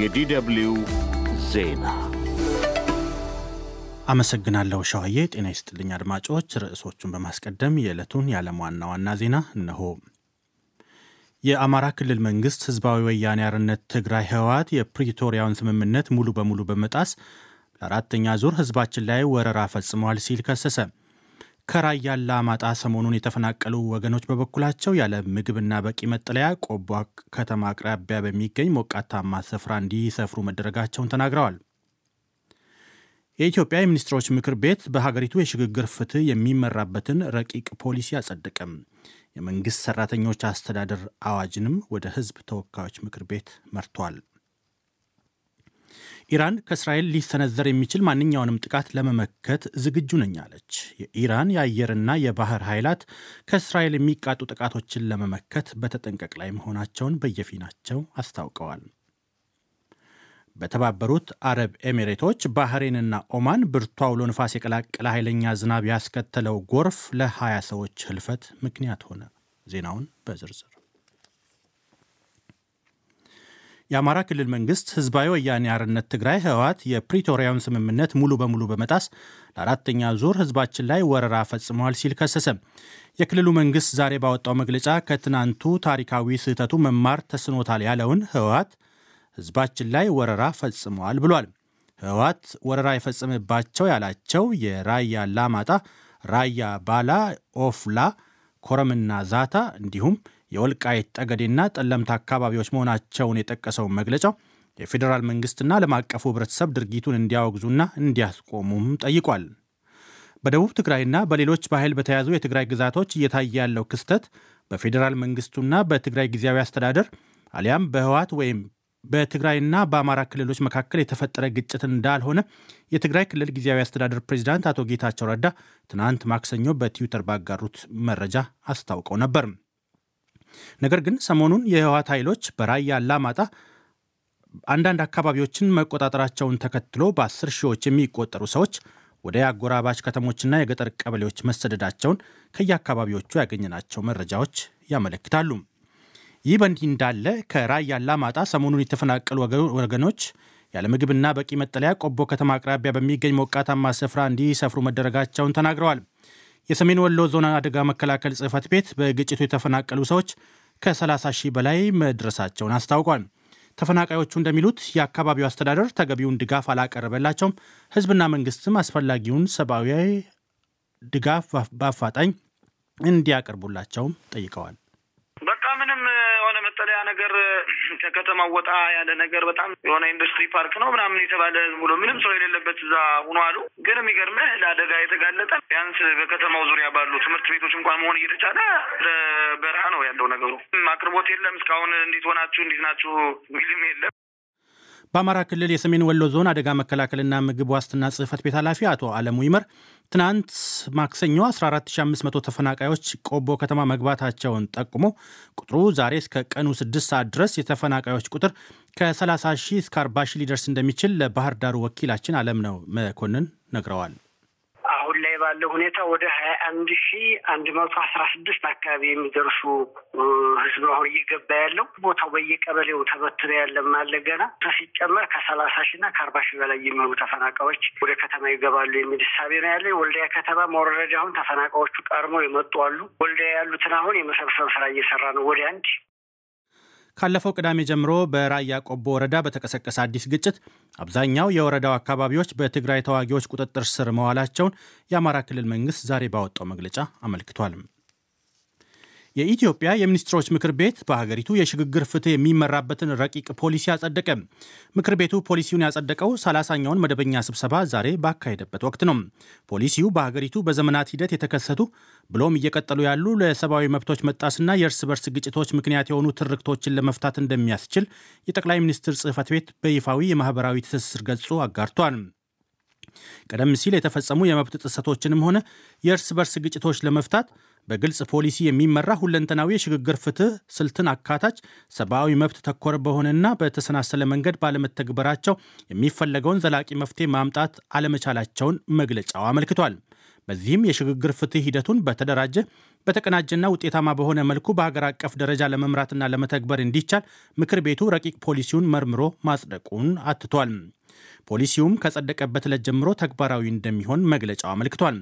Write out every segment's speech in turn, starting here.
የዲደብልዩ ዜና አመሰግናለሁ ሸዋዬ። ጤና ይስጥልኝ አድማጮች። ርዕሶቹን በማስቀደም የዕለቱን የዓለም ዋና ዋና ዜና እነሆ። የአማራ ክልል መንግሥት ሕዝባዊ ወያኔ አርነት ትግራይ ህወሓት የፕሪቶሪያውን ስምምነት ሙሉ በሙሉ በመጣስ ለአራተኛ ዙር ሕዝባችን ላይ ወረራ ፈጽመዋል ሲል ከሰሰ። ከራያ አላማጣ ሰሞኑን የተፈናቀሉ ወገኖች በበኩላቸው ያለ ምግብና በቂ መጠለያ ቆቦ ከተማ አቅራቢያ በሚገኝ ሞቃታማ ስፍራ እንዲሰፍሩ መደረጋቸውን ተናግረዋል። የኢትዮጵያ የሚኒስትሮች ምክር ቤት በሀገሪቱ የሽግግር ፍትህ የሚመራበትን ረቂቅ ፖሊሲ አጸደቀም። የመንግሥት ሠራተኞች አስተዳደር አዋጅንም ወደ ሕዝብ ተወካዮች ምክር ቤት መርቷል። ኢራን ከእስራኤል ሊሰነዘር የሚችል ማንኛውንም ጥቃት ለመመከት ዝግጁ ነኝ አለች። የኢራን የአየርና የባህር ኃይላት ከእስራኤል የሚቃጡ ጥቃቶችን ለመመከት በተጠንቀቅ ላይ መሆናቸውን በየፊናቸው አስታውቀዋል። በተባበሩት አረብ ኤሚሬቶች ባህሬንና ኦማን ብርቱ አውሎ ንፋስ የቀላቀለ ኃይለኛ ዝናብ ያስከተለው ጎርፍ ለ20 ሰዎች ህልፈት ምክንያት ሆነ። ዜናውን በዝርዝር የአማራ ክልል መንግስት ህዝባዊ ወያኔ አርነት ትግራይ ህወሓት የፕሪቶሪያውን ስምምነት ሙሉ በሙሉ በመጣስ ለአራተኛ ዙር ህዝባችን ላይ ወረራ ፈጽመዋል ሲል ከሰሰ። የክልሉ መንግስት ዛሬ ባወጣው መግለጫ ከትናንቱ ታሪካዊ ስህተቱ መማር ተስኖታል ያለውን ህወሓት ህዝባችን ላይ ወረራ ፈጽመዋል ብሏል። ህወሓት ወረራ የፈጸመባቸው ያላቸው የራያ ላማጣ፣ ራያ ባላ፣ ኦፍላ፣ ኮረምና ዛታ እንዲሁም የወልቃይት ጠገዴና ጠለምት አካባቢዎች መሆናቸውን የጠቀሰው መግለጫው የፌዴራል መንግስትና ዓለም አቀፉ ህብረተሰብ ድርጊቱን እንዲያወግዙና እንዲያስቆሙም ጠይቋል። በደቡብ ትግራይና በሌሎች በኃይል በተያዙ የትግራይ ግዛቶች እየታየ ያለው ክስተት በፌዴራል መንግስቱና በትግራይ ጊዜያዊ አስተዳደር አሊያም በህወሓት ወይም በትግራይና በአማራ ክልሎች መካከል የተፈጠረ ግጭት እንዳልሆነ የትግራይ ክልል ጊዜያዊ አስተዳደር ፕሬዚዳንት አቶ ጌታቸው ረዳ ትናንት ማክሰኞ በትዊተር ባጋሩት መረጃ አስታውቀው ነበር። ነገር ግን ሰሞኑን የህወሓት ኃይሎች በራያ አላማጣ አንዳንድ አካባቢዎችን መቆጣጠራቸውን ተከትሎ በአስር ሺዎች የሚቆጠሩ ሰዎች ወደ የአጎራባች ከተሞችና የገጠር ቀበሌዎች መሰደዳቸውን ከየአካባቢዎቹ ያገኘናቸው መረጃዎች ያመለክታሉ። ይህ በእንዲህ እንዳለ ከራያ አላማጣ ሰሞኑን የተፈናቀሉ ወገኖች ያለ ምግብና በቂ መጠለያ ቆቦ ከተማ አቅራቢያ በሚገኝ ሞቃታማ ስፍራ እንዲሰፍሩ መደረጋቸውን ተናግረዋል። የሰሜን ወሎ ዞን አደጋ መከላከል ጽህፈት ቤት በግጭቱ የተፈናቀሉ ሰዎች ከ30 ሺህ በላይ መድረሳቸውን አስታውቋል። ተፈናቃዮቹ እንደሚሉት የአካባቢው አስተዳደር ተገቢውን ድጋፍ አላቀረበላቸውም። ህዝብና መንግስትም አስፈላጊውን ሰብአዊ ድጋፍ በአፋጣኝ እንዲያቀርቡላቸውም ጠይቀዋል። ከከተማው ወጣ ያለ ነገር በጣም የሆነ ኢንዱስትሪ ፓርክ ነው ምናምን የተባለ ብሎ ምንም ሰው የሌለበት እዛ ሁኖ አሉ። ግን የሚገርምህ ለአደጋ የተጋለጠ ቢያንስ በከተማው ዙሪያ ባሉ ትምህርት ቤቶች እንኳን መሆን እየተቻለ በረሃ ነው ያለው ነገሩ። አቅርቦት የለም። እስካሁን እንዴት ሆናችሁ እንዴት ናችሁ ሚልም የለም። በአማራ ክልል የሰሜን ወሎ ዞን አደጋ መከላከልና ምግብ ዋስትና ጽህፈት ቤት ኃላፊ አቶ አለሙ ይመር ትናንት ማክሰኞ 14500 ተፈናቃዮች ቆቦ ከተማ መግባታቸውን ጠቁሞ ቁጥሩ ዛሬ እስከ ቀኑ 6 ሰዓት ድረስ የተፈናቃዮች ቁጥር ከ30 ሺህ እስከ 40 ሺህ ሊደርስ እንደሚችል ለባህር ዳሩ ወኪላችን አለም ነው መኮንን ነግረዋል። ባለው ሁኔታ ወደ ሀያ አንድ ሺ አንድ መቶ አስራ ስድስት አካባቢ የሚደርሱ ህዝብ አሁን እየገባ ያለው ቦታው በየቀበሌው ተበትኖ ያለ ማለገና ገና ሲጨመር ከሰላሳ ሺ እና ከአርባ ሺ በላይ የሚሆኑ ተፈናቃዮች ወደ ከተማ ይገባሉ የሚል እሳቤ ነው ያለ። ወልዲያ ከተማ መወረድ አሁን ተፈናቃዮቹ ቀድሞ የመጡ አሉ። ወልዲያ ያሉትን አሁን የመሰብሰብ ስራ እየሰራ ነው ወደ አንድ ካለፈው ቅዳሜ ጀምሮ በራያ ቆቦ ወረዳ በተቀሰቀሰ አዲስ ግጭት አብዛኛው የወረዳው አካባቢዎች በትግራይ ተዋጊዎች ቁጥጥር ስር መዋላቸውን የአማራ ክልል መንግስት ዛሬ ባወጣው መግለጫ አመልክቷል። የኢትዮጵያ የሚኒስትሮች ምክር ቤት በሀገሪቱ የሽግግር ፍትህ የሚመራበትን ረቂቅ ፖሊሲ አጸደቀ። ምክር ቤቱ ፖሊሲውን ያጸደቀው ሰላሳኛውን መደበኛ ስብሰባ ዛሬ ባካሄደበት ወቅት ነው። ፖሊሲው በሀገሪቱ በዘመናት ሂደት የተከሰቱ ብሎም እየቀጠሉ ያሉ ለሰብአዊ መብቶች መጣስና የእርስ በርስ ግጭቶች ምክንያት የሆኑ ትርክቶችን ለመፍታት እንደሚያስችል የጠቅላይ ሚኒስትር ጽህፈት ቤት በይፋዊ የማህበራዊ ትስስር ገጹ አጋርቷል። ቀደም ሲል የተፈጸሙ የመብት ጥሰቶችንም ሆነ የእርስ በርስ ግጭቶች ለመፍታት በግልጽ ፖሊሲ የሚመራ ሁለንተናዊ የሽግግር ፍትህ ስልትን አካታች ሰብአዊ መብት ተኮር በሆነና በተሰናሰለ መንገድ ባለመተግበራቸው የሚፈለገውን ዘላቂ መፍትሄ ማምጣት አለመቻላቸውን መግለጫው አመልክቷል። በዚህም የሽግግር ፍትህ ሂደቱን በተደራጀ በተቀናጀና ውጤታማ በሆነ መልኩ በሀገር አቀፍ ደረጃ ለመምራትና ለመተግበር እንዲቻል ምክር ቤቱ ረቂቅ ፖሊሲውን መርምሮ ማጽደቁን አትቷል። ፖሊሲውም ከጸደቀበት ዕለት ጀምሮ ተግባራዊ እንደሚሆን መግለጫው አመልክቷል።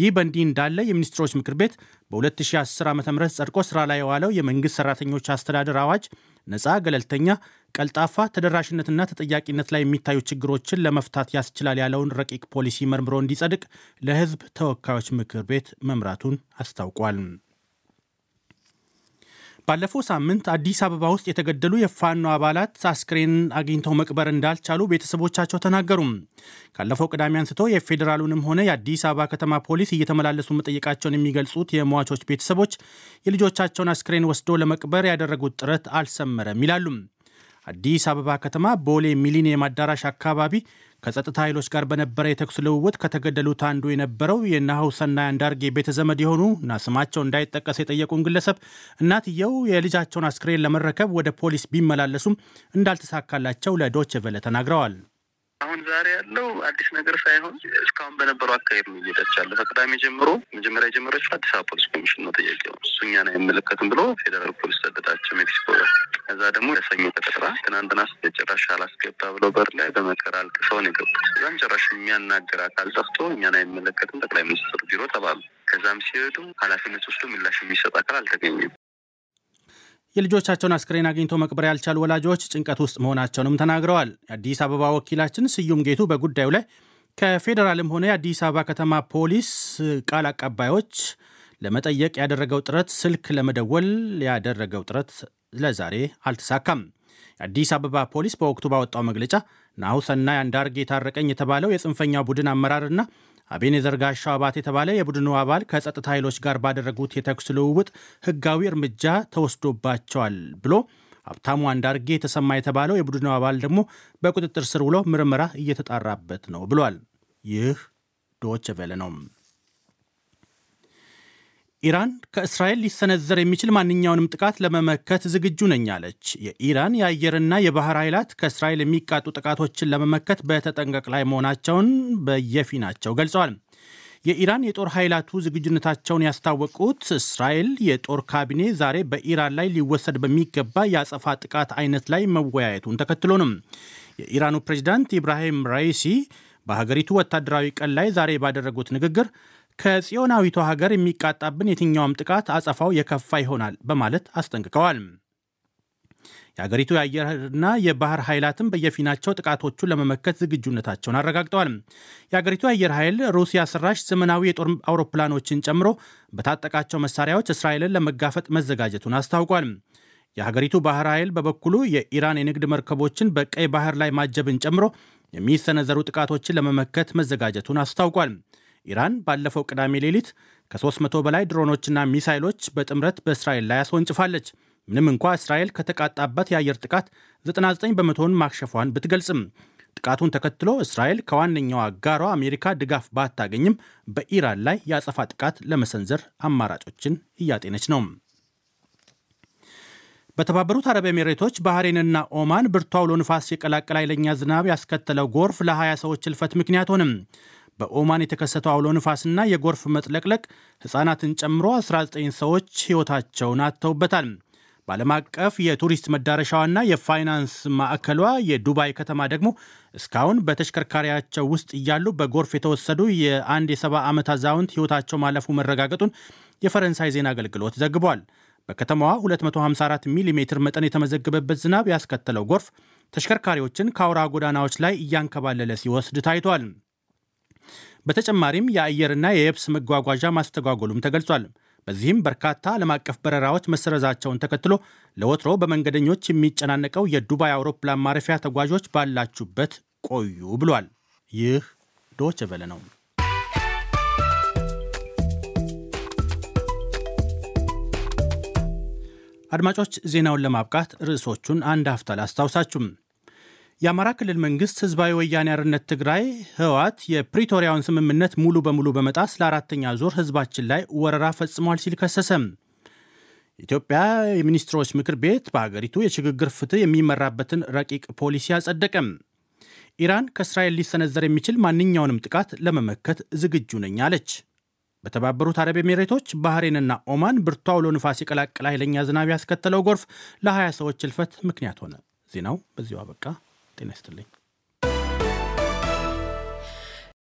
ይህ በእንዲህ እንዳለ የሚኒስትሮች ምክር ቤት በ2010 ዓ ም ጸድቆ ስራ ላይ የዋለው የመንግሥት ሠራተኞች አስተዳደር አዋጅ ነፃ፣ ገለልተኛ ቀልጣፋ ተደራሽነትና ተጠያቂነት ላይ የሚታዩ ችግሮችን ለመፍታት ያስችላል ያለውን ረቂቅ ፖሊሲ መርምሮ እንዲጸድቅ ለሕዝብ ተወካዮች ምክር ቤት መምራቱን አስታውቋል። ባለፈው ሳምንት አዲስ አበባ ውስጥ የተገደሉ የፋኖ አባላት አስክሬን አግኝተው መቅበር እንዳልቻሉ ቤተሰቦቻቸው ተናገሩም። ካለፈው ቅዳሜ አንስቶ የፌዴራሉንም ሆነ የአዲስ አበባ ከተማ ፖሊስ እየተመላለሱ መጠየቃቸውን የሚገልጹት የሟቾች ቤተሰቦች የልጆቻቸውን አስክሬን ወስዶ ለመቅበር ያደረጉት ጥረት አልሰመረም ይላሉም። አዲስ አበባ ከተማ ቦሌ ሚሊኒየም አዳራሽ አካባቢ ከጸጥታ ኃይሎች ጋር በነበረ የተኩስ ልውውጥ ከተገደሉት አንዱ የነበረው የናሆው ሰናይ አንዳርጌ ቤተ ዘመድ የሆኑ እና ስማቸው እንዳይጠቀስ የጠየቁን ግለሰብ እናትየው የልጃቸውን አስክሬን ለመረከብ ወደ ፖሊስ ቢመላለሱም እንዳልተሳካላቸው ለዶችቨለ ተናግረዋል። አሁን ዛሬ ያለው አዲስ ነገር ሳይሆን እስካሁን በነበረው አካሄድ ነው እየሄደች ያለ። ከቅዳሜ ጀምሮ መጀመሪያ የጀመረችው አዲስ አበባ ፖሊስ ኮሚሽን ነው ጥያቄው። እሱ እኛን አይመለከትም ብሎ ፌዴራል ፖሊስ ሰደዳቸው ሜክሲኮ። ከዛ ደግሞ ለሰኞ ተቀጥራ ትናንትና ስ ስተጨራሽ አላስገባ ብለው በር ላይ በመከራ አልቅሰውን የገቡት። እዛም ጭራሽ የሚያናገር አካል ጠፍቶ እኛን አይመለከትም ጠቅላይ ሚኒስትሩ ቢሮ ተባሉ። ከዛም ሲሄዱ ሀላፊነት ውስጡ ምላሽ የሚሰጥ አካል አልተገኘም። የልጆቻቸውን አስክሬን አግኝቶ መቅበር ያልቻሉ ወላጆች ጭንቀት ውስጥ መሆናቸውንም ተናግረዋል። የአዲስ አበባ ወኪላችን ስዩም ጌቱ በጉዳዩ ላይ ከፌዴራልም ሆነ የአዲስ አበባ ከተማ ፖሊስ ቃል አቀባዮች ለመጠየቅ ያደረገው ጥረት ስልክ ለመደወል ያደረገው ጥረት ለዛሬ አልተሳካም። የአዲስ አበባ ፖሊስ በወቅቱ ባወጣው መግለጫ ናሁሰናይ አንዳርጌ የታረቀኝ የተባለው የጽንፈኛ ቡድን አመራርና አቤኔዘር ጋሻው አባት የተባለ የቡድኑ አባል ከጸጥታ ኃይሎች ጋር ባደረጉት የተኩስ ልውውጥ ህጋዊ እርምጃ ተወስዶባቸዋል ብሎ ሀብታሙ አንዳርጌ የተሰማ የተባለው የቡድኑ አባል ደግሞ በቁጥጥር ስር ውሎ ምርመራ እየተጣራበት ነው ብሏል። ይህ ዶች ቬለ ነው። ኢራን ከእስራኤል ሊሰነዘር የሚችል ማንኛውንም ጥቃት ለመመከት ዝግጁ ነኝ አለች። የኢራን የአየርና የባህር ኃይላት ከእስራኤል የሚቃጡ ጥቃቶችን ለመመከት በተጠንቀቅ ላይ መሆናቸውን በየፊናቸው ገልጸዋል። የኢራን የጦር ኃይላቱ ዝግጁነታቸውን ያስታወቁት እስራኤል የጦር ካቢኔ ዛሬ በኢራን ላይ ሊወሰድ በሚገባ የአጸፋ ጥቃት አይነት ላይ መወያየቱን ተከትሎ ነው። የኢራኑ ፕሬዚዳንት ኢብራሂም ራይሲ በሀገሪቱ ወታደራዊ ቀን ላይ ዛሬ ባደረጉት ንግግር ከጽዮናዊቷ ሀገር የሚቃጣብን የትኛውም ጥቃት አጸፋው የከፋ ይሆናል በማለት አስጠንቅቀዋል። የአገሪቱ የአየርና የባህር ኃይላትም በየፊናቸው ጥቃቶቹን ለመመከት ዝግጁነታቸውን አረጋግጠዋል። የአገሪቱ የአየር ኃይል ሩሲያ ሰራሽ ዘመናዊ የጦር አውሮፕላኖችን ጨምሮ በታጠቃቸው መሳሪያዎች እስራኤልን ለመጋፈጥ መዘጋጀቱን አስታውቋል። የሀገሪቱ ባህር ኃይል በበኩሉ የኢራን የንግድ መርከቦችን በቀይ ባህር ላይ ማጀብን ጨምሮ የሚሰነዘሩ ጥቃቶችን ለመመከት መዘጋጀቱን አስታውቋል። ኢራን ባለፈው ቅዳሜ ሌሊት ከ300 በላይ ድሮኖችና ሚሳይሎች በጥምረት በእስራኤል ላይ አስወንጭፋለች። ምንም እንኳ እስራኤል ከተቃጣባት የአየር ጥቃት 99 በመቶውን ማክሸፏን ብትገልጽም ጥቃቱን ተከትሎ እስራኤል ከዋነኛው አጋሯ አሜሪካ ድጋፍ ባታገኝም በኢራን ላይ የአጸፋ ጥቃት ለመሰንዘር አማራጮችን እያጤነች ነው። በተባበሩት አረብ ኤሚሬቶች ባህሬንና ኦማን ብርቱ አውሎ ንፋስ የቀላቀለ ኃይለኛ ዝናብ ያስከተለው ጎርፍ ለ20 ሰዎች እልፈት ምክንያት ሆንም። በኦማን የተከሰተው አውሎ ንፋስና የጎርፍ መጥለቅለቅ ሕፃናትን ጨምሮ 19 ሰዎች ሕይወታቸውን አጥተውበታል። በዓለም አቀፍ የቱሪስት መዳረሻዋና የፋይናንስ ማዕከሏ የዱባይ ከተማ ደግሞ እስካሁን በተሽከርካሪያቸው ውስጥ እያሉ በጎርፍ የተወሰዱ የአንድ የሰባ ዓመት አዛውንት ሕይወታቸው ማለፉ መረጋገጡን የፈረንሳይ ዜና አገልግሎት ዘግቧል። በከተማዋ 254 ሚሜ መጠን የተመዘገበበት ዝናብ ያስከተለው ጎርፍ ተሽከርካሪዎችን ከአውራ ጎዳናዎች ላይ እያንከባለለ ሲወስድ ታይቷል። በተጨማሪም የአየርና የየብስ መጓጓዣ ማስተጓጎሉም ተገልጿል። በዚህም በርካታ ዓለም አቀፍ በረራዎች መሰረዛቸውን ተከትሎ ለወትሮ በመንገደኞች የሚጨናነቀው የዱባይ አውሮፕላን ማረፊያ ተጓዦች ባላችሁበት ቆዩ ብሏል። ይህ ዶይቼ ነው። አድማጮች ዜናውን ለማብቃት ርዕሶቹን አንድ ሀፍታ ላስታውሳችሁም። የአማራ ክልል መንግስት ህዝባዊ ወያኔ አርነት ትግራይ ህወት የፕሪቶሪያውን ስምምነት ሙሉ በሙሉ በመጣስ ለአራተኛ ዙር ህዝባችን ላይ ወረራ ፈጽሟል ሲል ከሰሰም። ኢትዮጵያ የሚኒስትሮች ምክር ቤት በሀገሪቱ የሽግግር ፍትህ የሚመራበትን ረቂቅ ፖሊሲ አጸደቀም። ኢራን ከእስራኤል ሊሰነዘር የሚችል ማንኛውንም ጥቃት ለመመከት ዝግጁ ነኝ አለች። በተባበሩት አረብ ኤሚሬቶች፣ ባህሬንና ኦማን ብርቱ አውሎ ንፋስ የቀላቀለ ኃይለኛ ዝናብ ያስከተለው ጎርፍ ለ20 ሰዎች እልፈት ምክንያት ሆነ። ዜናው በዚሁ አበቃ። ጤና ይስጥልኝ።